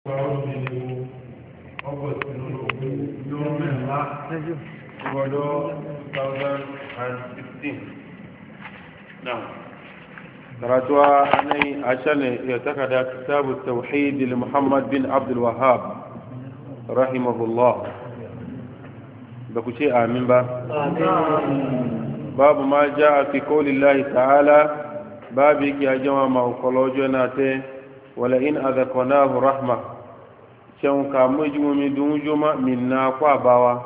كتاب نعم لمحمد بن عبد الوهاب رحمه الله بكشي آمين با باب ما جاء في قول الله تعالى بابك يا جماعة ما أقول ولئن أذقناه رحمه sɛŋ ka mojumo mi na ko a na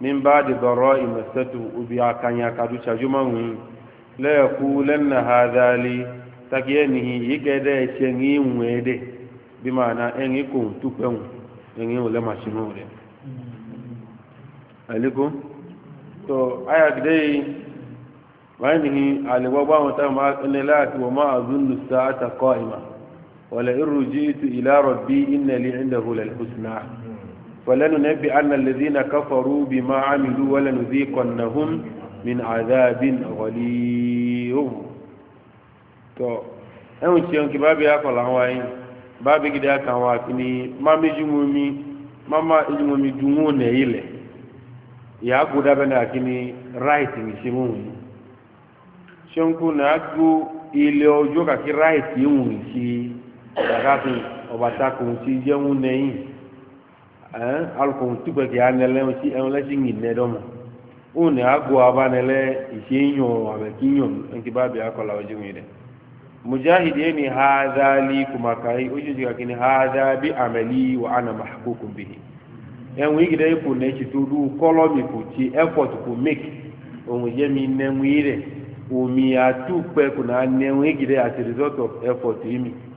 min ba di dɔrɔ imasatu ubi a kanya ka du cajuma ŋun e e e la yakulanna hadha li takiye nihi yi gɛdɛ bi kun wòle masinu to aya wani nihi ma la ti ma ولئن رجعت إلى ربي إن لي عنده للحسنى ولننبئن الذين كفروا بما عملوا ولنذيقنهم من عذاب غليظ تو ẹ̀hùn tí ọ̀nkì bá bí akọ̀lá wa yìí bá bí gidi aka wa kì ní má méjì mú mi má má èjì mú mi dùn ún nà ilẹ̀ ìyá kú dábẹ́ náà kì ní ráìtì ní ṣe mú mi ṣe yagafi ọbata kò ń ti jẹun nẹyìn ẹn alùpùpù ń tupẹ kì í anẹlẹ ń ti ẹn lẹsí yìn nẹ dọmọ ó agbo abanẹlẹ ìṣe ń yàn ẹnkí bá bẹ akọlà ọjọ yìí dẹ mujahid yẹn kàkí ni amẹli ẹnwìn yìí dẹ ipò kọlọmì kò ti ẹfọt kò mek òun mi nẹwìn yìí omi kò náà nẹwìn yìí dẹ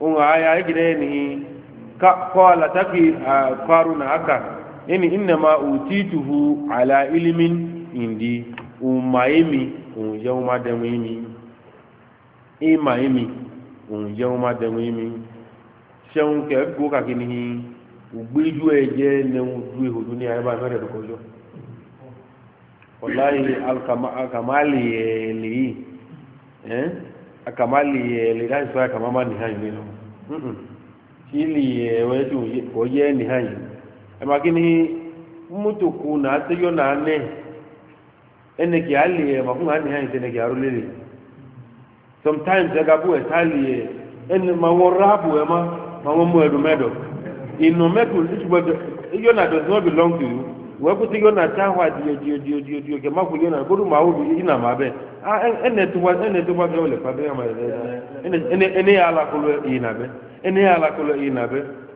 un aya gide ni ka a taqi na aka yani inna ma tuhu ala ilimin indi umaimi un yawma damimi imaimi un yawma damimi seun ke go ka kini ugbeju eje ne udu ehodu ni ayaba mere do kojo wallahi alkamali eh, li eh akama liyɛ le da sɔ akama ma nihan yi lɛ si liyɛ wɛ tu ɔyɛ nihan yi ɛma kini mutuku na ateyɔ na anɛ ɛnɛkɛ aliyɛ ma fún wa nihan yi tɛ ɛnɛkɛ aro lele sometimes ɛgabu ɛta liyɛ ɛnɛ ma wɔ rabu yɛ ma ma wɔ mu ɛdu mɛdɔ inu mɛtu itubɛ yɔ na does not belong to you wɔ ɛkutɛ yɔ na ta hɔ adiɛ diɛ diɛ diɛ diɛ kɛ ma kò yɔ na kodu ma wo bi ina ma bɛ. ene tuwa ene tuwa ole ene ene ene ya ene ya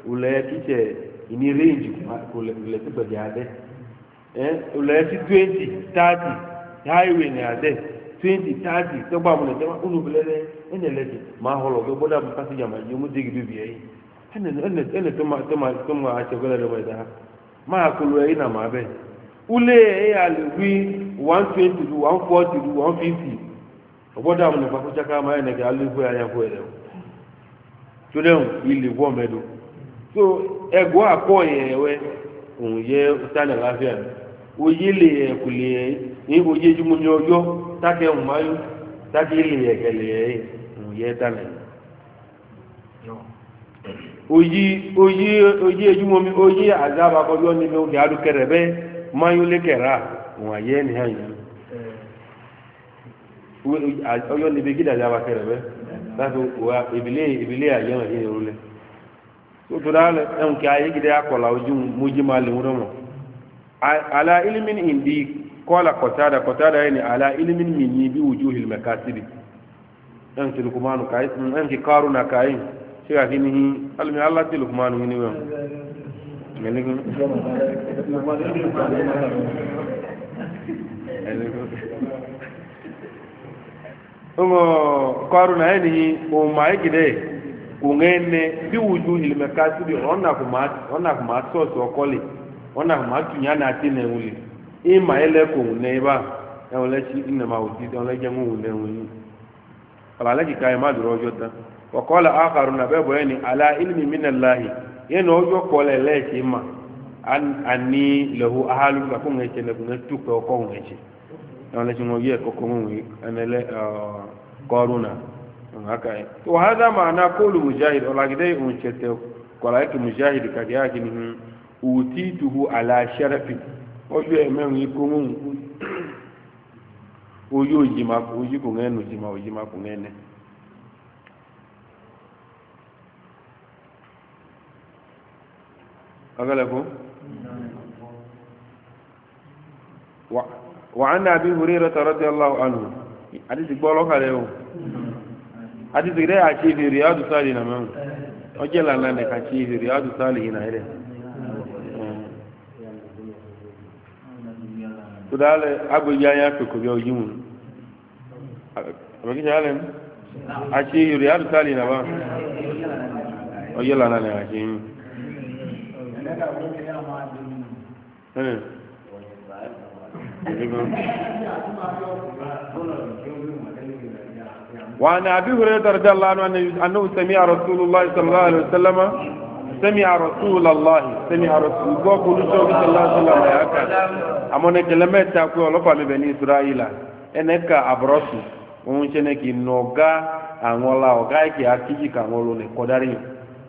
ule kiche ini range eh ule ti 20 30 highway ni 20 30 to unu ene le ma holo ge boda bu kasi jama yi mu digi bibi yi ene ene ene to ma to ma to ma ache gele le wa da ma ina ma be ule ya alwi 120 to 140 to 150 oboda mu ne ba ko chaka ma ne ga alwi ya ya ko ele to le ile wo medo so ego apo yewe un ye utana lafia oye le kule ni oye jumu ni ojo take un mayo take ile ekele un ye tale oyi oyi oyi ejumo mi oyi azaba ko yo ni mi o ga mayole kera wọn yẹ ni hàn yìí níbi gíga ní abakẹ rẹ bẹ láti wà ìbílẹ̀ ìbílẹ̀ àyẹ wọn yìí tó tó dáa ẹn kí ayé gidi akọlà ojú mojí máa lè ala ilimin indi kọla kọtada kọtada yẹn ni ala ilimin mi bi ojú hilmẹ kásìrì ẹn kí lukumanu lukumanu E ọ kɔruna ɛnihi ɔma egide kuŋene bi wuju ilimekasi bi ọ kuma ɔna kuma sɔɔsi ɔkɔli ɔna na ati na ewuli ima yɛ lɛ ko ŋune ba oti ma e e duro ɔdzɔ ta ɔkɔla ala ilimi yẹn ọjọ́ kọlẹ̀ lẹ́ẹ̀kì ma a ní lẹ́hu ahalu kakó ŋun ẹ̀kẹ́ lẹ́kùn ẹ̀tú pẹ́ ọkọ̀ ŋun ẹ̀kẹ́ náà lẹ́sìn wọn yẹ kọ́kọ́ ŋun ẹ̀nẹ́lẹ́ kọ́rùnà aka yi to wa hada ma'ana kolu mujahid olagide un chete kola yake mujahid kage yake ni utituhu ala sharafi ojo emen yi ko mun ojo jima ojo ko ngenu jima ojo jima ko ngene أغلقوا وعن أبي هريرة رضي الله عنه حديث بولوك عليه حديث غير أشيء في رياض الصالحين أمام أجل أن أنك أشيء في رياض الصالحين أهله kudale abu ya ya ko ko yo yimu abaki jalen achi yuri na ba وعن أبي هريرة رضي الله عنه أنه سمع رسول الله صلى الله عليه وسلم سمع رسول الله سمع رسول الله كل شيء صلى الله عليه وسلم يا كان أما نكلمة تقول الله فمن بني إسرائيل أنك أبرسو ومن شأنك نوغا أنولا أوغايك أكيد كأنولو نكوداريو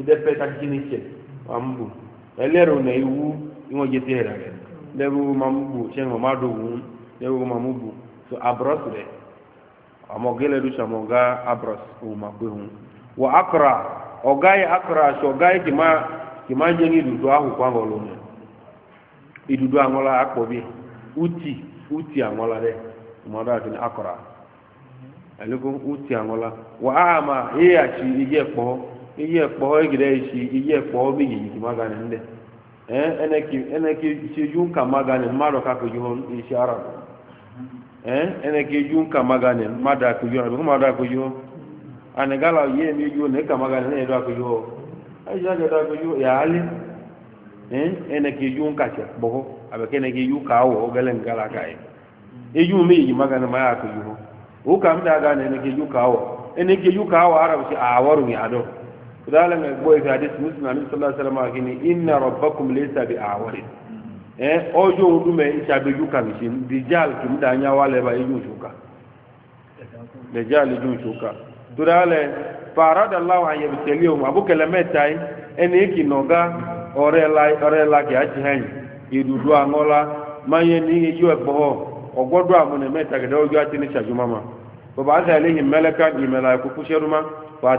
idepe takini ma mambu elero na iwu inwo je tera re lebu mambu chen o madu wu lebu mambu so abros re du abros o wa akra ogai akra so gai kima kima ahu kwa angola uti uti angola tin akra uti angola wa ama iyi ekpo egide isi iyi ekpo bi yi ki magane nde eh ene ki ene ki si jun ka magane maro ka ko jun isi arab eh ene ki jun ka magane mada ko jun ko mada ko jun ane gala ye mi jun ne ka magane ne do ko jun ai ja ga do ko jun ya ali eh ene ki jun ka che bo abe kene ki yu ka wo galen gala kai e mi yi magane ma ya ko jun o ka mi da ga ne ne ki yu ka wo ene ki yu ka wo arab si awaru mi ado kudala nga gbọ́ ife hadith muslim alayhi sallallahu alayhi wa sallam inna rabbakum laysa bi awari eh ojo ndu me isabeju kan shin dijal kim da nya wale ba iju shuka dijal iju shuka durale allah an abu eni ki noga ore la ore la ki aji hen idudu angola maye ni meta ku fa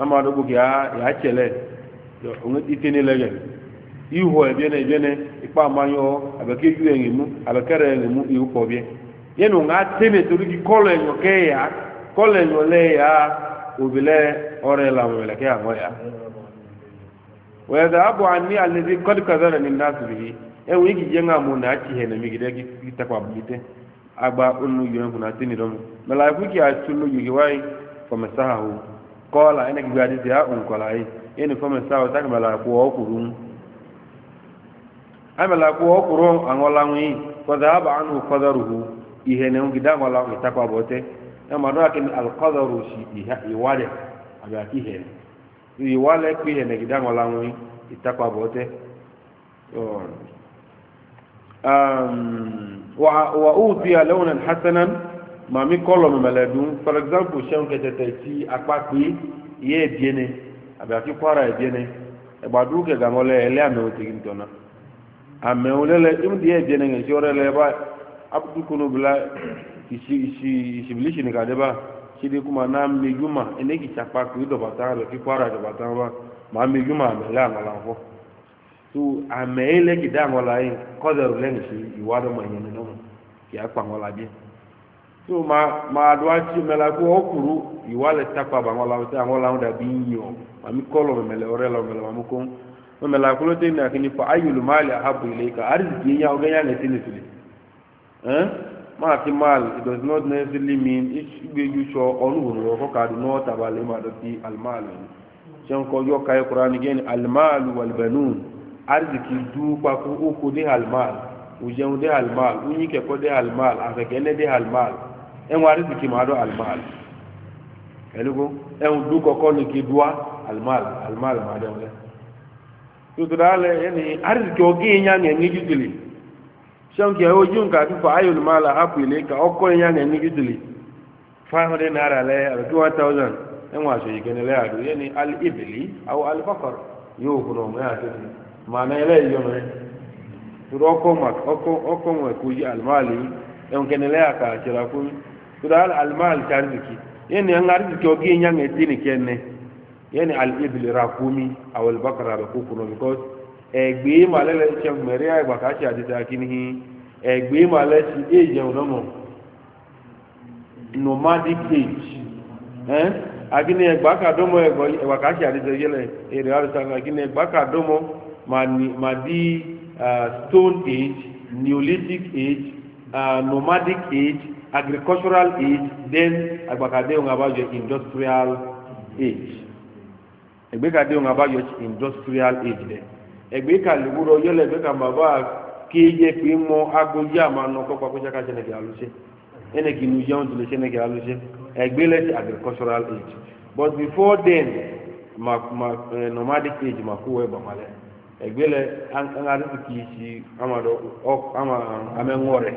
ama do bugi ya ya chele yo unu itini lege iho ebene ebene ipa manyo abeke ju engimu abekere engimu iu ko yenu nga teme to rugi kolo enyo ke ya kolo le ya obile ore la ke ya wa anni alladhi qad kadhara nas bihi e jenga na hene mi gide gi bite agba tini mala ku ki a tulu yugi wai masahu kọ́ọ̀là ẹni gbogbo àti ti àkùnkọ̀là yìí ẹni kọ́mẹ̀ sáwọ́ sákàmàlà àpò ọkùrù ń àmàlà àpò ọkùrù àwọn ọláwọn yìí kọ́dà àbà ánú kọ́dọ̀rùhù ìhẹ̀ ní ń gidá àwọn ọláwọn ìtakọ̀ àbọ̀tẹ́ ẹ mà náà kí ni alkọ́dọ̀rù sí ìwálẹ̀ àbí àti ìwálẹ̀ pé ìhẹ̀ ní gidá àwọn ọláwọn yìí wà ó ti àlẹ́ mami kɔlɔ mɛmɛlɛ dun par exemple sɛŋ kɛtɛtɛ ti akpakpi yɛ ebiene abe ati kɔra ebiene ɛgbadu kɛ gaŋɔ lɛ ɛlɛ amewo tigi ŋutɔ na amewo lɛ lɛ emu di yɛ ebiene ŋɛ si ɔrɛ lɛ ba abudu kunu bila isi isi isibilisi ni ka de ba sidi kuma na mejuma eneki tsi akpakpi dɔbata abe ati kɔra dɔbata ba ma mejuma ame lɛ aŋɔ la ŋkɔ tu ame yi lɛ ki da aŋɔ la yi kɔdɛru lɛ ŋɛ si iwa dɔ ma nyɛ nenɔ mo kì í akpa aŋɔ la so ma ma do ati mela ko okuru iwale takwa ba ngola uta ngola unda binyo mami kolo mele orelo mele mamu ko mela ko lo tena kini fa ayul mali ahabu ilayka arziki ya oganya ne tini tuli ma ti mal it does not necessarily mean it be you show onu wo ko ka do not abale ma do ti al mal jen ko yo kai qur'an gen al mal wal banun arziki du pa ko ko de al mal ujeun de al mal unyi ke ko de al mal afekene de al ẹ̀wọ̀n arísìkì máa dọ́ alimahal ẹ̀lúgbó ẹ̀wọ̀n dú kọ́kọ́ ní kí dúwá alimahal alimahal máa dẹ́wọ̀n lẹ́ tuntun ẹni arísìkì ọ̀gí ìyàn ẹ̀ ní jùtìlì ṣọ́nkì ojú nǹkan fífọ ayélujára hapù ilé ka ọkọ̀ ìyàn ẹ̀ ní five hundred naira two one thousand aṣọ alifakọr yóò fún ọmọ àti yọmọ yìí tura al almal ta arziki yani an arziki o gin yan edini kenne yani al ibl rakumi aw al bakra da kukuno because egbe malele che meria egba ka che adita kinihi egbe malele si eje onomo nomadic age eh agini egba ka domo egba ka che adita yele ere arsa agini egba ka domo ma ni ma uh, ah, stone age neolithic age uh, nomadic age agricultural age then agbakade ohun abájọ industrial age ẹgbẹ́kadé ohun abájọ industrial age dẹ ẹgbẹ́kalẹ̀wúrọ̀ yọlẹ̀ ẹgbẹ́ka bàbá kéye pé mọ́ agbóyé àmàna kọ́kọ́ akójáká sẹ́nẹ̀kì alóṣẹ́ ẹnẹ̀kì inú yẹ́wọ́n tó lè sẹ́nẹ̀kì alóṣẹ́ ẹgbẹ́lẹ́sẹ̀ agricultural age but before then ma ma nomadic age ma kó wẹ́ bàmálẹ̀ ẹgbẹ́lẹ̀ aŋadẹ́sì kìí ṣe amẹ́ńwọ́ rẹ̀.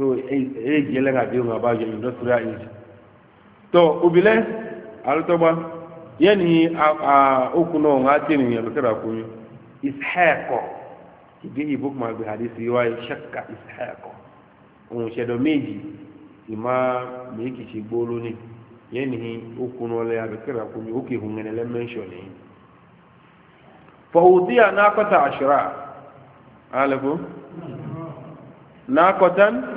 so eye gele ga dio ngaba yo industrial age to ubile alutoba yani a okuno ngati ni yalukira kunyu ishaqo ibi ibuk ma bi hadisi wa shakka ishaqo un shedo meji ima meki chigbolo ni o kuno le a yalukira kunyu uki hungene le mention ni fa udiya naqata ashra alafu naqatan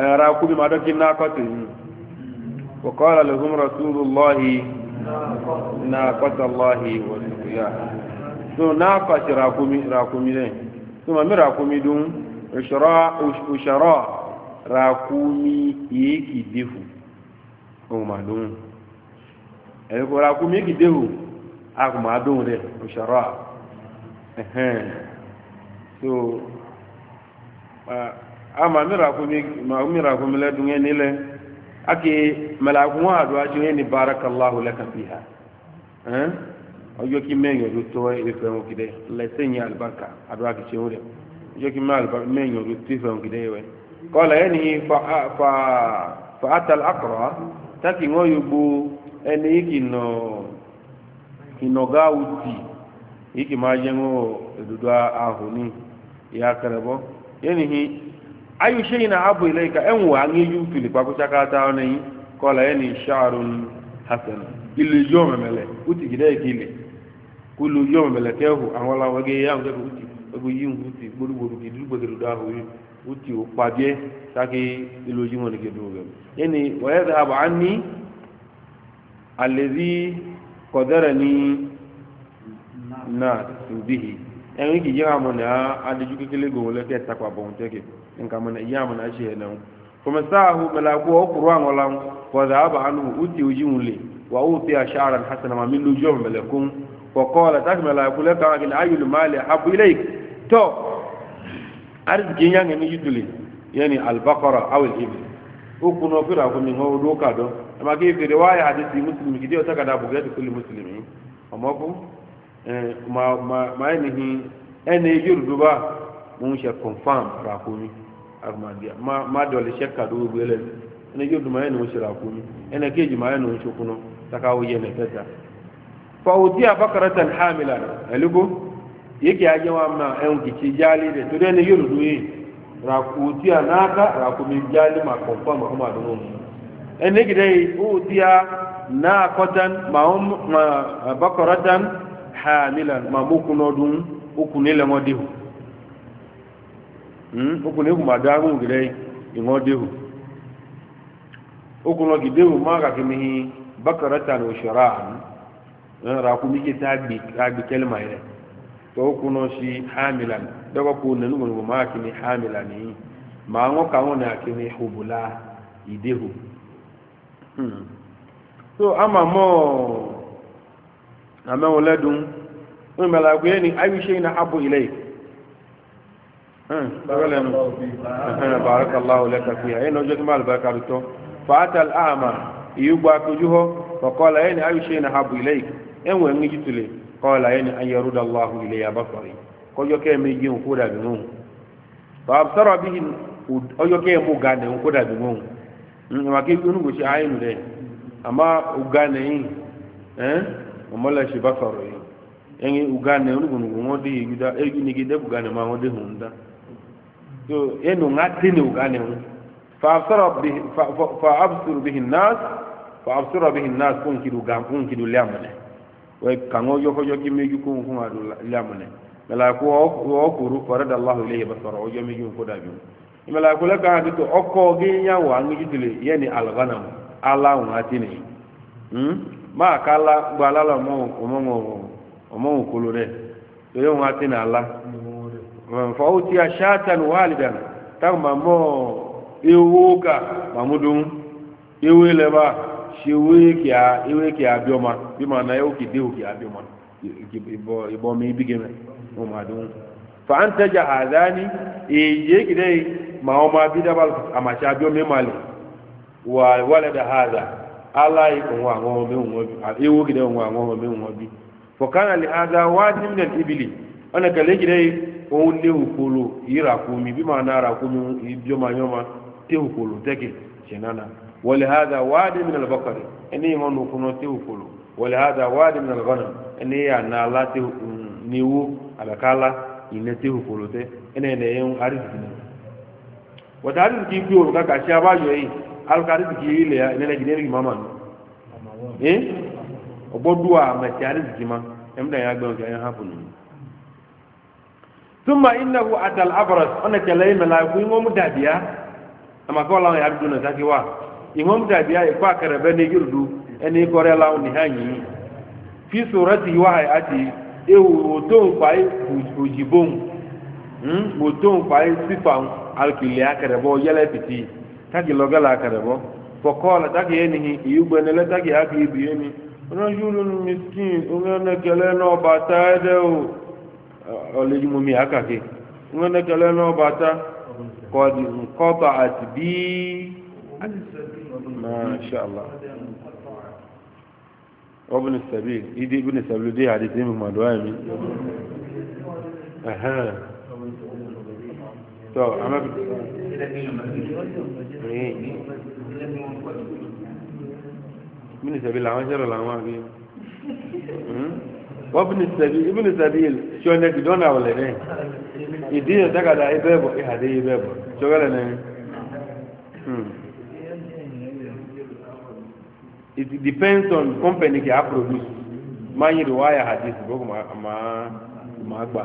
ẹ̀rọ ma dọ́kí nákọ́tì yìí wọ́kọ́lá lọ́hún rasúlù lọ́hì nákọ́tà lọ́hì wọ́sùkúyà tó nákọ́tì rakumi rẹ̀ tó mami rakumi dún rakumi yéèkì déhù ohun ma dún ẹ̀yẹ́kọ́ rakumi yéèkì déhù akùnmá dún rẹ̀ òṣèrọ́ ẹ̀hẹ́n so ama mira ko mele ni le aki mala wa do ajo ni barakallahu laka fiha hein eh? ojo ki menyo do to e fe kide le senya albarka adu aki cheure ojo ki mal ba menyo do ti fe on kide we qala yani fa fa fa ata eni ikino inoga uti iki majengo ahuni ya karabo yani hi ayu shay'in abu ilayka an wa an yu fili kwa ko kola eni sha'run hasan ilu yawm mele uti gide e kile kulu yawm mele kehu an wage ya ngeke uti ego yin uti bodu bodu di du da uti o pabie taki ilu jimo ne gedo gem yani wa anni na nka mun iya mun aje nan kuma sa'ahu malaku wa qur'an wala wa dhaba anhu uti ujimule wa uti ash'aran hasana ma min lujum malakum wa qala tak malaku laka akin ayul mali habu ilayk to arzikin yan ne yidule yani al-baqara aw al-ibl ukuno fira ko min ho do ka do amma ke fi riwaya hadisi muslim ki dio takada bu gadi kulli muslimin eh. amma ko eh, ma ma ma ni ene yurduba mun she confirm ra ko ni armadia ma ma dole shekka do bele ene jodu ma ene mushira kuni ene keji ma ene shukuno takawo yene tata fa udiya bakaratan hamilan aligo yake ya jawa ma en kici jali de to ne yoru duyi ra udiya naka ra ku min ma konfa ma kuma dunu ene gidai udiya na kotan ma um bakaratan hamila ma bukuno dun ukunile ngodihu Hmm? okwu na-egwu ma daa ahụ gere ịṅụ dehu okwu nọ gị dehu ma ga gị mihi bakarata na oshara ahụ ra kwụ ike ta agbi kelma ire to okwu nọ shi hamilan daga kwụ na nugwu ma ga gị hamilan yi ma anwụ ka anwụ na gị mihi hubula idehu hmm. so ama mo na mewuledun wọn mẹla kwe ni ayi ṣe na abu ilai bẹ́ẹ̀lẹ̀ mu bàrẹ́kà aláwọ̀ lẹ́ka fi hàn ẹ̀yìn ọjọ́ tí máa lè bàrẹ́kà tó fàátàl àmà ìyúgbà àkójú họ kọ̀kọ́lá ẹ̀yìn ayúṣe na habu ilé yìí ẹ̀wọ̀n ẹ̀yìn jítulẹ̀ kọ́lá ẹ̀yìn ayẹrúdà aláwọ̀ ilé yaba sọ̀rọ̀ kọjọ́ kẹ́ mi jí nkú dàbí mú fàbsọ̀rọ̀ bí to enu nga ni ugane hu fa absara bi fa absuru bihi nas fa absara bihi nas kun kidu gam kun kidu lamane we kango yo meju kun kun adu lamane mala ko o kuru farada allah ilayhi basara o jomi ju ko daju mala la ka to okko wa ngi ala hmm? ma kala mo mo fọ́wọ́tí aṣáàtàn wàlìdàn táwọn màmọ́ ewó kà màmúdùn ewé lẹ́bà ṣe ewé kì á bíọ́mà bí màá na me ewé o dé òkè á bíọ́mà ìbọn mi bí gẹ́mẹ̀ wọn máa o fàǹtẹ̀jà àdáni èyí kìdẹ́ màá ọmọ abídábà àmàṣà bíọ́mà màlẹ̀ wà wàlẹ̀dà àdà aláì òun àwọn ọmọ mi wọn bí ewó kìdẹ́ òun àwọn ọmọ mi wọn bí. fọ̀kánà lè àdá wájú mílíọ̀nù ìbílì ọ̀nà kẹlẹ́ kìdẹ́ yìí òun ní òkòlò ìràkúnmi bí màá na àràkúnmi ìjọmọ̀yọ́mọ tẹ́ òkòlò tẹ́kẹ̀ ṣẹ̀nánà wọlé hádà wáàdì mi nàlọ́ bọ́kàrẹ̀ ẹni wọlé mi nàlọ́ bọ́nà ẹni àná alá tẹ́ níwó àbẹ̀kálá ìnẹ́ tẹ́ òkòlò tẹ́ ẹni ẹ̀nẹ́ ẹ̀hún àrísìkì náà wọ́n ti àrísìkì bí òrùka kàṣí abáyọ̀ yìí alùkàrísìkì ilẹ̀ tuma innahu atal abras ona kala imela ku ngom dabiya ama ko la ya duna saki wa ngom dabiya e kwa karabe ne yurdu eni ko re la ni fi surati wa ati e wo to pa e ojibon wo to pa e sifa al kiliya karabo yele piti taki logala le ọlẹ́júmọ́mí àkàkẹ́ wọ́n nẹ́kẹ̀lẹ́ náà bá tá kọ́bà àti bí maṣàlá ọbùn ìsẹ̀bí ìdí ìbùn ìsẹ̀bí dé àdìsí mi mọ̀dọ́ ẹ̀mí tọ́ amábi mínísẹ̀bí làwọn ṣẹlẹ̀ làwọn àbí hmm? wabni sabi ibn sabil shone gidona wala ne idiya daga da ibebo ihade ibebo shogala ne hmm it depends on company ki produce man yi riwaya hadith ko kuma amma ma gba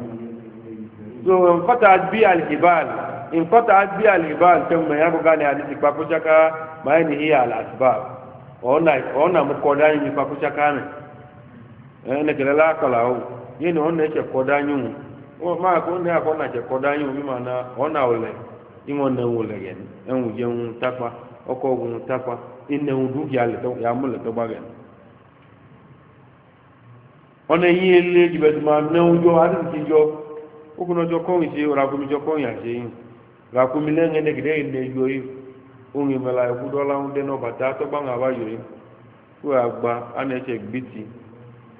so in qata bi al ibal in qata bi al ibal kan ma yabo gane hadith pa ko jaka ma ni hiya al asbab ona ona mu ko dani ni pa ko jaka ne ẹnìkẹlẹ na o yìí ni ọ̀nà ọ na dáyún wọn máa kó ní àkọ́nà ẹ̀ṣẹ̀ kọ́ mi ma na ọ̀nà ọ̀lẹ̀ ìwọ̀n nà ẹ̀wọ̀n lẹ̀yẹ̀ ẹ̀wọ̀n jẹun tápa ọkọ̀ ogun tápa ìnà ẹ̀wọ̀n dúkìá yàmúlẹ̀ tọ́gbà rẹ̀ ọ̀nà yìí ilé jìbẹ̀tùmọ̀ nẹ́wọ̀jọ́ adìsíjọ́ okunọjọ́ kọ́yìn sí ràkúmijọ́ kọ́yìn àṣeyìn yìí ohun ẹ̀kú dọ́là ń tọ́gbà ń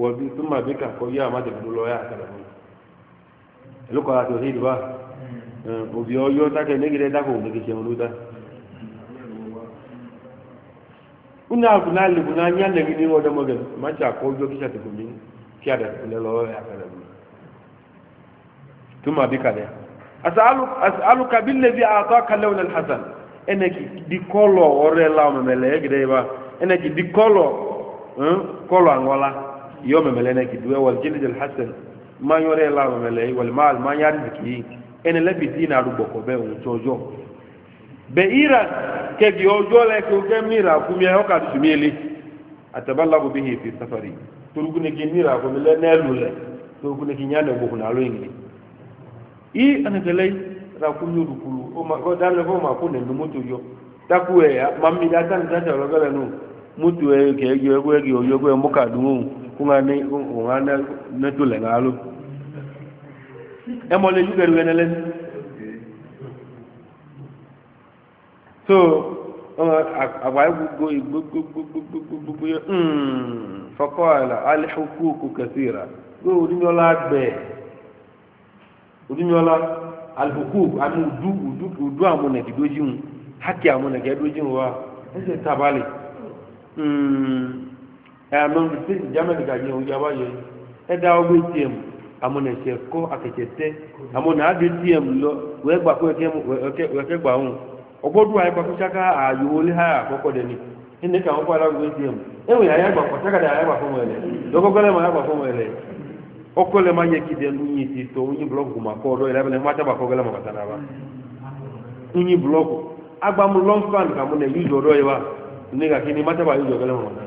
wọ́bi tó máa bí kakọ yá àmàjẹ̀ gbogbo lọ́yà àkàrẹ̀ mọ́ ẹlòkọ̀ àti òhìn ìdìbà òbí ọyọ́ dákẹ́ nígidẹ́ dákọ̀ òmìnir ṣe olú dá ní àgùnà àlèkùnà ní àlèkùn ní ọdọmọgẹ̀ má ṣe àkọ́jọ́ kí ṣàtìkù mi kí àdàkùnlẹ̀ lọ́yà àkàrẹ̀ mọ́ tó máa bí kalẹ̀ asàlùkàbílẹ̀ bí àtọ́ kalẹ̀ ònà hasan ẹnẹ́kì dikọ́lọ̀ ọ̀rẹ́ láwọn mẹ́mẹ́lẹ́ ẹ̀gidẹ́ yìí wá ẹnẹ́kì dikọ́lọ̀ kọ́lọ̀ àngọ́lá يوم ملنك دوي والجلد الحسن ما يري الله ملئي والمال ما يرزقي ان لبي دينا ربكو به وجوجو بإيران كي يوجو لك وكميرا كم يهوكا تشميلي أتبلغ به في سفري تلقون كي ميرا كم لا نالو لك تلقون كي نانا بوكنا لويني إي أنا تلي راكم يورو كلو وما قدر لك وما كنا نموتو يو تاكو يا مامي داتان داتان لغلانو موتو يا كي يجو يجو يجو يجو يجو kuma ne kuma na na to le ngalo e mo le yugeru enele so agba gugu igbogbogbogbogbogbogbo mm fakola al huquq kathira go udinyola agbe udinyola al huquq amu du udu udu amu ne dojimu haki amu ne dojimu wa ese tabale mm e ti jẹ́mẹ̀tì gàjẹ́ òun yàwá yẹn ẹ̀dá ọgbẹ́ tm àmọ́nà ẹ̀ṣẹ̀ kọ́ àkẹ́kẹ́tẹ́ àmọ́nà àbí tm lọ wẹ́gbà kó ẹ̀kẹ́ gbà wọn ọgbọ́dún àyẹ̀gbà kó ṣáká ààyò wọlé ha àkọ́kọ́ dẹni ẹni kàwọn kọ́ aláwọ̀ tm ẹ̀wọ̀n gba kọ́ ṣákàdà àyẹ̀gbà fún wọn ẹ̀lẹ̀ lọ́kọ́kọ́lẹ̀ mọ̀ ya fún wọn ẹ̀lẹ̀ ya má yẹ kìdẹ̀ ya ti tọ́ ní blọ́ọ̀kù mà kọ́ ọ̀dọ́ ìlàbẹ̀lẹ̀ má tábà kọ́kọ́lẹ̀ mọ̀ bàtà náà bá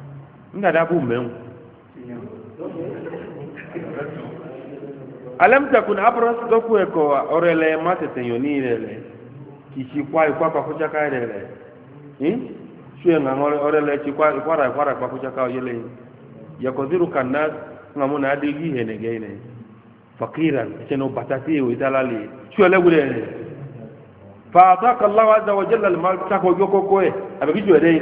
ngada bu mewu alam takun abras doku eko orele matete yoni rele kishi kwa ikwa kwa kucha ka rele hmm shwe nga ngore orele chikwa ikwara ikwara kwa kucha ka yele yakoziru kanas ngamuna adigi hene geine fakiran no batati witalali shwe legure fa ataka allah azza wa jalla al mal tako yoko koe abiki jwe dei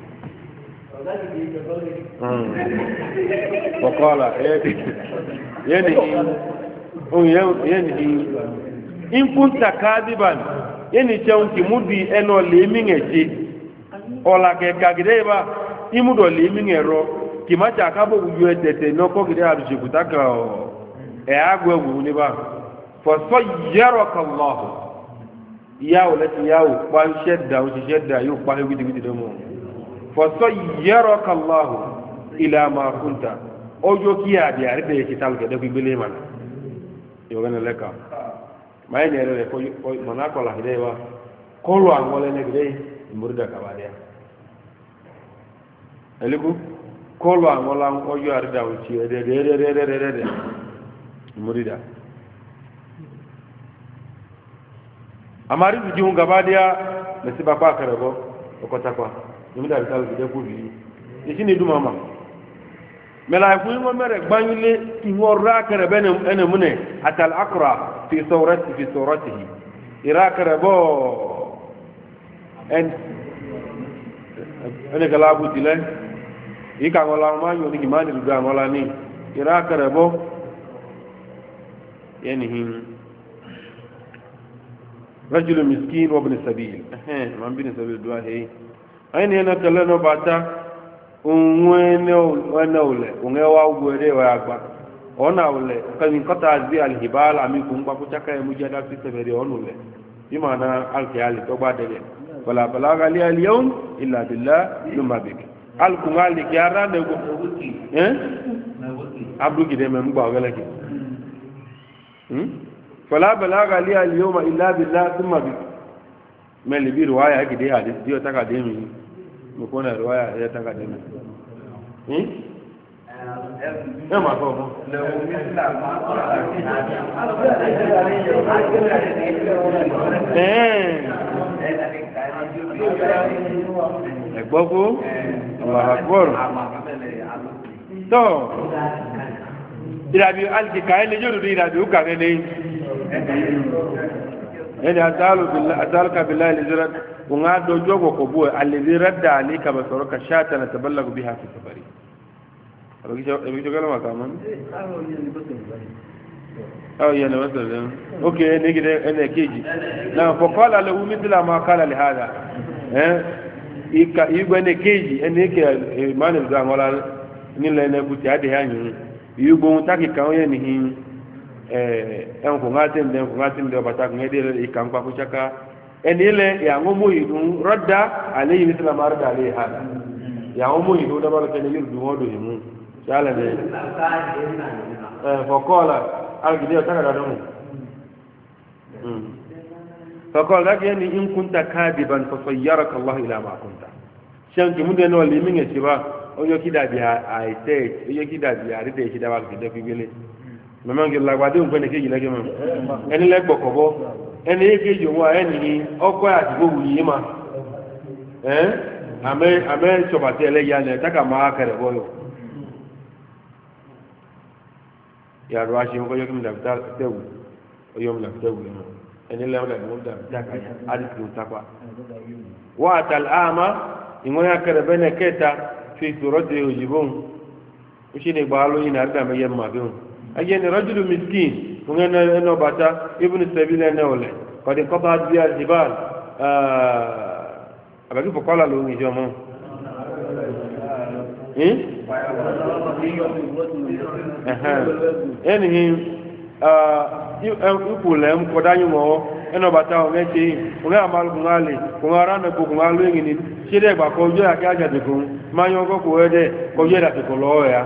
وقال ينهي ينهي إن كنت كاذبا yẹni tẹun ti ọ fọsọ fasayyaraka Allahu ila ma kunta ojo kiya bi arbe yake talga da bibile mana yo gana leka mai ne re ko mana ko la hidewa ko lo an wala ne gidai murda ka bariya eliku ko domina bi talu kide kubi isi ni duma ma mela ku ngo mere gbanyule ti wora kare bene ene mune atal akra fi sawrati fi sawratihi ira kare bo en ene kala bu tile ika ngola ma yo ni kimani du ngola ni ira kare bo yani hin رجل مسكين وابن سبيل اها ما بين سبيل دعاء هي aini ene kele no bata unwene ene ule unge wa ugwere wa agba ona ule kani kota azbi alhibal ami kumba kuchaka ya mujada fi seberi on ule imana alkiyali to badele wala balaga li alyawm illa billah lumma bik al kungali kiara ne go eh abdu gide me mgba wala ki hmm wala balaga li alyawm illa billah thumma bik mel bi riwaya gide hadith dio taka mkona riwaya ya tanga dini hmm ya masomo ẹgbọ́gbó ọ̀làhàgbọ́rù tó ìràbí alìkà ẹlẹ́jọ́ òdòdó ìràbí ó kàrẹ́lẹ́ yadda asaluka billahi lizirat kun ha dojo go ko boye alizirat da ali ka ba soroka shata na taballagu biha fi safari abin shugala ma kamun awo yana wasu da ok ne gida yana keji na fakwala lahu mitila ma kala li hada igwe ne keji ene ke manu zangola nila ene buti adi hanyu igwe mutaki kan onye nihin ẹn kò ŋá tẹ̀ ǹdẹ̀ kò ŋá tẹ̀ ǹdẹ̀ ọ̀bàtà kò ŋá ẹ̀dẹ̀ rẹ̀ ìkà ńpa kó tsaka ẹni lẹ yàwó mú ìlú rọ́dà alẹ́ yìí nítorí àmà rọ́dà alẹ́ ha yàwó mú ìlú dábàlù kẹ́ni yóò dùn wọ́n dùn ìmú sálẹ̀ dẹ̀ ẹ̀ fọ̀kọ́ọ̀là alùpùpù yóò tàkàdà dùn fọ̀kọ́ọ̀là láti n'oli mẹ́mọ́ ngi lagbadé òun fẹ́ni kéjì lẹ́gẹ́ mọ́ ẹni lẹ́gbọ̀kọ̀ bọ́ ẹni kéjì òun ẹni ni ọkọ̀ àdìgbò wù yìí ma ẹ́ àmẹ́ sọ̀bàtẹ́ ẹlẹ́yà lẹ̀ táka máa kẹrẹ̀ bọ́ yọ. yàrá wa ṣe ń kọjọ́ kí mi dàbí tẹ́wù ọyọ́ mi dàbí tẹ́wù lẹ́nu ẹni lẹ́wọ́ dàbí wọ́n dàbí dáka àdìsí ló takwa. wà á àmà ìwọ́n yà kẹrẹ̀ bẹ́ẹ̀ أجن رجل مسكين ونحن أنه باتا ابن السبيل أنه قد انقطعت بها الجبال أبقى فقال له إجامة إيه؟ أها إنهم ikwu le m kọda anyị mọọ ịnọbata onwe chee onwe amalụ kụngalị kụngara na bụ kụngalụ enyi ni chede gba kọjọ ya ka aja mmanya ede ya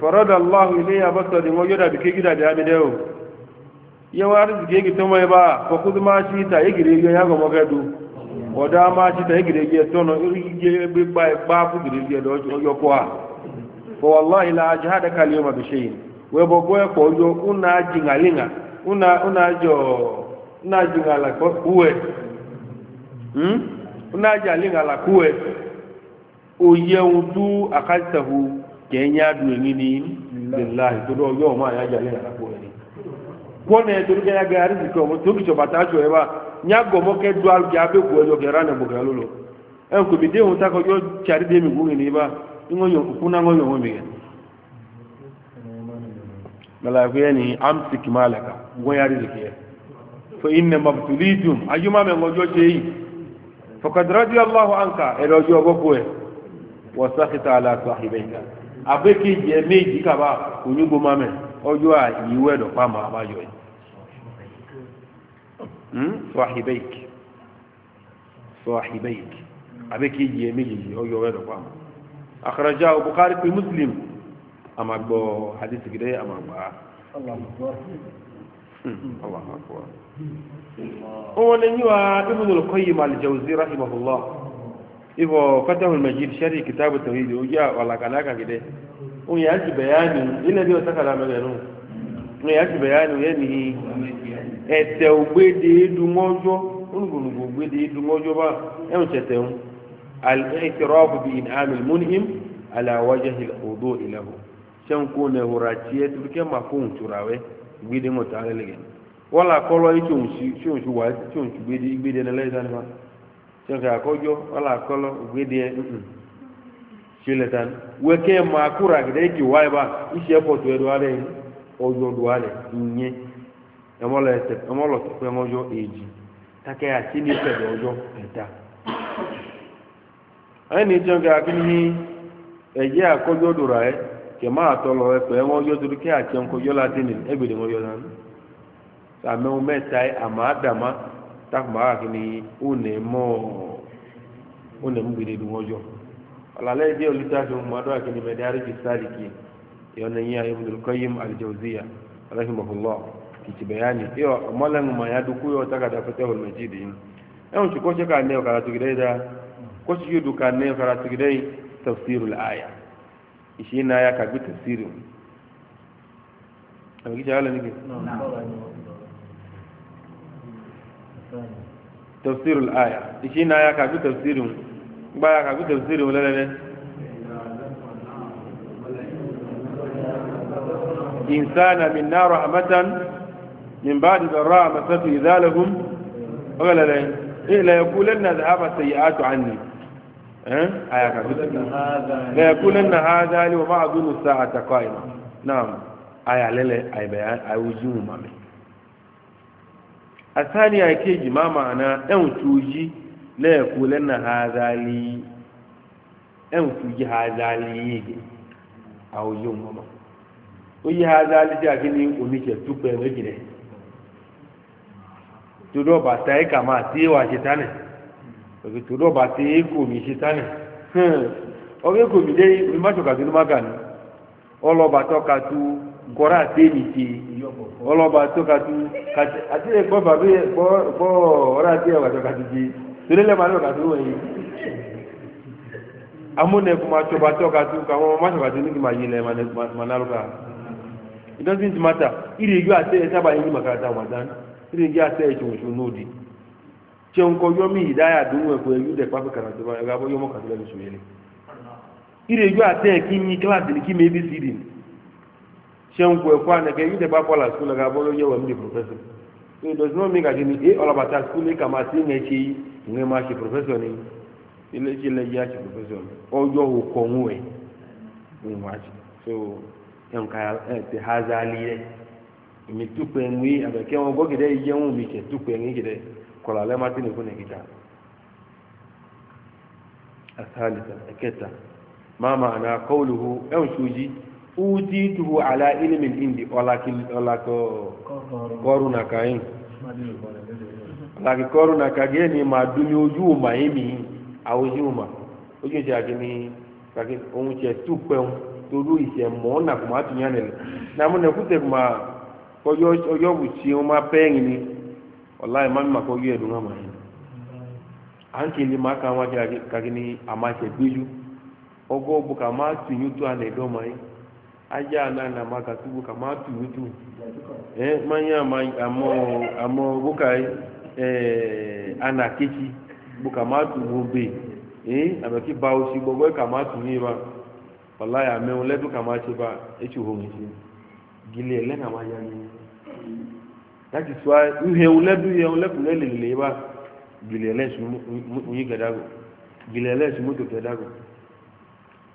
farada allah ya basari mo yoda bi kigida da abi dewo yawa arziki yake to mai ba ko ma shi ta igire rege ya gomo gadu oda ma shi ta igire gi tono irige bi ba ba ku rege do yo ko a ko wallahi la ajhadaka al yawma bi shay we bo go ko yo una jingalinga una una jo jingala ko kuwe una la kuwe o du kẹ́yìn adùn èmi ní ìlàláì tó dọ́ yọ́ ọmọ àyájà lẹ́yìn àpò ẹni wọ́n ẹ̀ torí kẹ́yà gẹ́ àrísì kọ́ ọmọ tó kìí ṣọ̀bà táṣọ ẹ̀wà nyàgọ̀mọ́ kẹ́dọ́ alùpùpù bí déhùn takọjọ́ kyàrí dé mi gún ní bá kún náà wọ́n wọ́n mi yẹn. malaikun yẹn ni amsik wọ́n yà àrísì kẹ́ fọ iná mabutuli dùn ayọ́mọ́ mi ṣe yìí fọkàdúrà aláhùn ànkà ẹ̀rọ ọjọ́ ẹ̀ wọ́n sáfìtà aláṣọ àhìbẹ́yìí onye emeji kaba onyugbo mame ọjọ́ a ìwé ẹ̀dọ̀pá ma àbájọ yìí e. hmm? swahibeik swahibeik abekeji emeji ọjọ́ ẹ̀dọ̀pá ma ja bukari pe muslim amagbọ hadisi gidẹ amagba hmm, wọn ni yíwa ibùdó kọyí malijawuzi rahimahullah hivyo fatahul majid shari kitabu tauhidi uja walakalaka kide uyaji bayani ile ndio taka la magano uyaji bayani yani ete ugbede dumojo unugunu ugbede dumojo ba em cheteun al i'tiraf bi in'am al mun'im ala wajhi al khudu' lahu shan kuna huratiye tuke makun turawe gbede motare lege wala kolo ichun shi shi wa ichun gbede gbede na leza ni ma sọfẹ akọjọ ọlà akọlọ ògbédìẹ ṣẹlẹ tán wẹkẹ máa gẹdẹ kì wáyé bá iṣẹ pọtù ẹdọ alẹ ọjọ alẹ ìyẹn ẹmọlọ tẹpẹ èjì àti ní ọjọ ẹta ẹni ẹjẹ ẹ kẹmà àtọlọ ẹpẹ kẹ àti ẹgbẹdẹ mẹta ẹ àmà àdàmà. tak takuma akini une mo une mgbede dumojo alale dio litafi mwado akini medariji saliki yona ya ibn al-qayyim al-jawziya rahimahullah kitibayani hiyo malangu mayadu kuyo taka dafatahu al-majid eo chukoche ka neo kala tugideida kochi yudu ka neo kala tugidei tafsirul aya ishina aya kabi tafsiru amekisha yale niki no. tafsir al-aya ishi na ya kafi tafsirin ba ya kafi tafsirin lalane insana min na rahmatan min ba da zarra a masatu izalahun lalane ila eh, ya kulan na zahaba sai ya atu anni a ya kafi la ya kulan na haza ne wa ma'azunu sa'a ta kawai na'am aya lele a yi bayan a yi wujin mamaye asani a keji ma ma'ana ɗan tuji na ya kula na hazali ɗan tuji hazali yege a wajen mama o yi hazali ti a onike tupu meji ne todo ba ta yi kama ti yi wa shita ne oge todo ba ti yi komi shita ne oge komi dai mi ma ṣọka ma maka ni ọlọba tọka tu kɔrɔ ate ni ti ɔlɔba to ka tu kati ati le gbɔ babi gbɔ gbɔ ɔrɔ ate yɛ wadɔ kati ti tere lɛ ma lɛ kati wɔnyi amune kuma tɔba tɔ ka tu kama ma tɔba tu niki ma yi lɛ ma ma nalu ka it doesn't matter iri yi ate yɛ saba yi ni makarata wa dan iri yi ate yɛ tsoso n'o di tse ŋkɔ yɔmi idaya dunu ɛkò yɛ yu dɛ kpafi kana tɔba yɛ ka bɔ yɔmɔ lɛ nusu yɛ li iri yi ate yɛ ki nyi kilasi ni ki mi ebi si di ni tiɛn ko ɛfɔ anɛkɛ yi de ba kɔ la sukuu la ka bolo yɛ wɛmu di professeur so it does not mean ka kini e ɔlɔbata sukuu mi kama ti ŋɛ tsi ŋɛ ma si professeur ni ilé tsi lɛ yia si professeur ni ɔyɔ wò kɔnu wɛ ŋu wa tsi so ɛn ka ɛ te hazali yɛ mi tukpɛ ŋui abɛkɛ wɔn gbɔgi dɛ yɛ ŋu mi tse tukpɛ ŋui dɛ kɔlɔ alɛ ma ti ne ko ne kita asalisa ɛkɛta mama ana kɔluhu ɛn eh, soji utituhu ala ilmin indi ọlakọ kọrù na kàáyìn ọlakọ kọrù na kàáyìn ni ma dúnmí ojú ma èmì àwójú ma ojú ìṣẹ́ àti ní ohun ṣe tú pẹ̀hún torú ìṣẹ́ mọ́ nà kò má tún yánà lẹ̀ nàmú nà kúte kò má ọjọ́ bù tí ó má pẹ́yìn ni ọ̀la ẹ̀ má mi má kọ́ yú ẹ̀dùn hàn yìí à ń kele má kà wá kàáyìn ni àmà ṣẹ̀ gbéjú ọgọ́ bùkà má tún yú tó àná ẹ̀dọ́ ma yìí. ajá náà nà má kàtúbù kà má tù ma ẹ má nyà má àmọ àmọ bùkà ẹ anàkétsi bùkà má tù wó bè ẹ àbẹ̀kí ba òsì gbọgbọ́ kà má tù yín ba wàlá yà má tse ba etsi wò mí tse gili ẹ̀ lẹ́nà má yà mí láti sọ ìhẹ̀wò lẹ́dùn ìhẹ̀wò lẹ́kùn lẹ́lẹ̀lẹ̀ ba gili ẹ̀ lẹ́sùn mú yín gẹ̀dá gò gili lẹ́sùn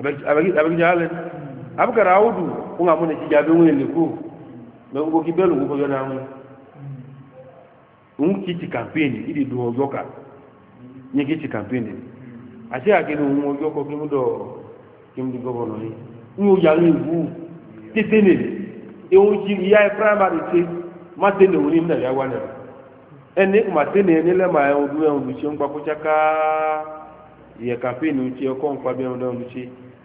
abẹ́gídjálẹ̀ abúkàrà áwùdù fún àmúnà jíjà bí wọ́n lè kú mẹ́gbogbo kí bẹ́ẹ̀lù gbogbo yọ́nà wọn ń kí ti kàmpéènì ìdí dùn ọjọ́ ká ní kí ti kàmpéènì àti àkínú ohun ọjọ́ kọ kí mú dọ̀ kí mú gọ́vọ̀nà yìí ń yóò yà ní ìwú tètè nè ehun jí ìyá ẹ primary ṣe má tè nè òun ní ìmúnà ìyáwá nà ẹni mà tè nè ẹni lẹ́mà ẹ̀hún dúró ẹ̀hún lùṣẹ́ ń gbakúṣáká ìyẹ̀ kàmpéènì ń ṣe ọkọ̀ ń pa bí ẹ̀hún lùṣẹ́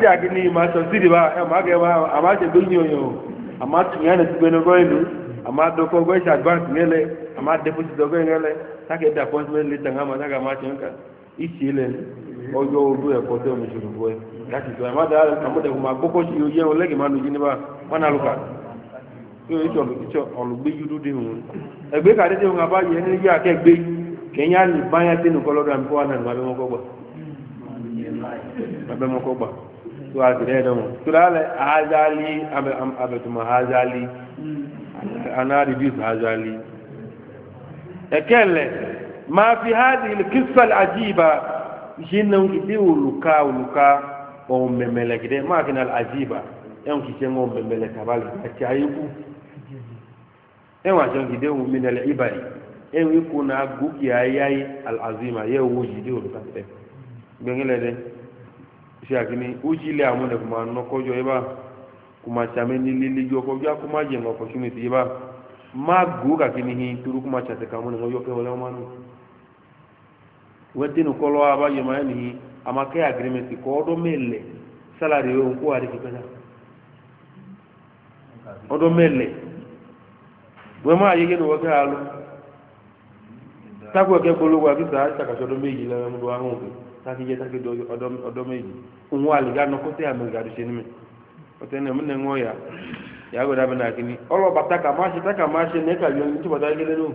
ija gị n'ime achọ siri ba amaghị ebe ahụ amaghị ebe onye onyo na etigbe n'ogo elu ama dọkọ ogo ịcha advance n'ele ama deposit ogo n'ele taka ede leta ha ma ga ama nka ichi ile oge obu ẹkọ tó omi ṣòro fún ẹ láti ka ẹmá nye ma gbọkọ sí oyé o yẹ ní yíyá kẹgbẹ kẹyìn abẹ́mọ́kọ́ gbà tó a ti rẹ̀ dánwò tó lálẹ́ àájálí abẹ̀tùmọ̀ àájálí anáàdìdìs àájálí ẹ̀kẹ́lẹ̀ máa fi hádi kìsàl àjíìbá ṣínà ìdí olùka olùka ohun mẹ̀mẹ̀lẹ̀ gidẹ máa kí náà àjíìbá ẹ̀hùn kìí ṣe ń wọ́n mẹ̀mẹ̀lẹ̀ kàbálẹ̀ àti ayékú ẹ̀hùn àṣọ gidẹ ohun mẹ̀mẹ̀lẹ̀ ìbàyí ẹ̀hùn ikú náà gòkè ayáyé alàzìmà yẹ́ owó yìí dé olùka tẹ́lẹ̀ gbẹ̀ngẹ́lẹ̀ dẹ iṣẹ́ àkíní ojú ilé àwọn ọ̀nà kùmà nọkọjọ yẹ bá kùmà sàmì ní lílé ju ọkọ̀ bíá kùmà jẹ̀ ńkọ̀ ṣúmi sí yẹ bá má gò kàkíní hin torí kùmà ṣàtẹ̀kà mọ́ nìkan yọkẹ́ wọlé ọmọ nù. wọ́n tẹnu kọ́lọ́ abáyọ máa nìyí àmàkẹ́ àgírímẹ̀tì kọ́ ọdọ́ mẹ́lẹ̀ sálárì ohun kó àdé tákù ẹ̀kẹ́ polówó àti sàá ṣàkàṣọ́ méjì lẹ́nu ọdún òkè. taki je taki do odom odomeji unwali ga noko te ame ga nime otene mune ngoya ya go dabana kini olo bataka mashi taka mashi ne ka yo nti bada gele no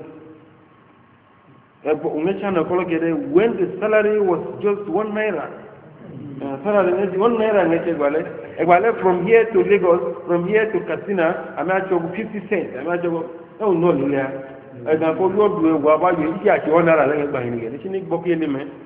ebo unge chana kolo gele when the salary was just 1 naira e, salary ne 1 naira ne gwale e gwale from here to lagos from here to katsina ama cho 50 cents ama cho no no e, e du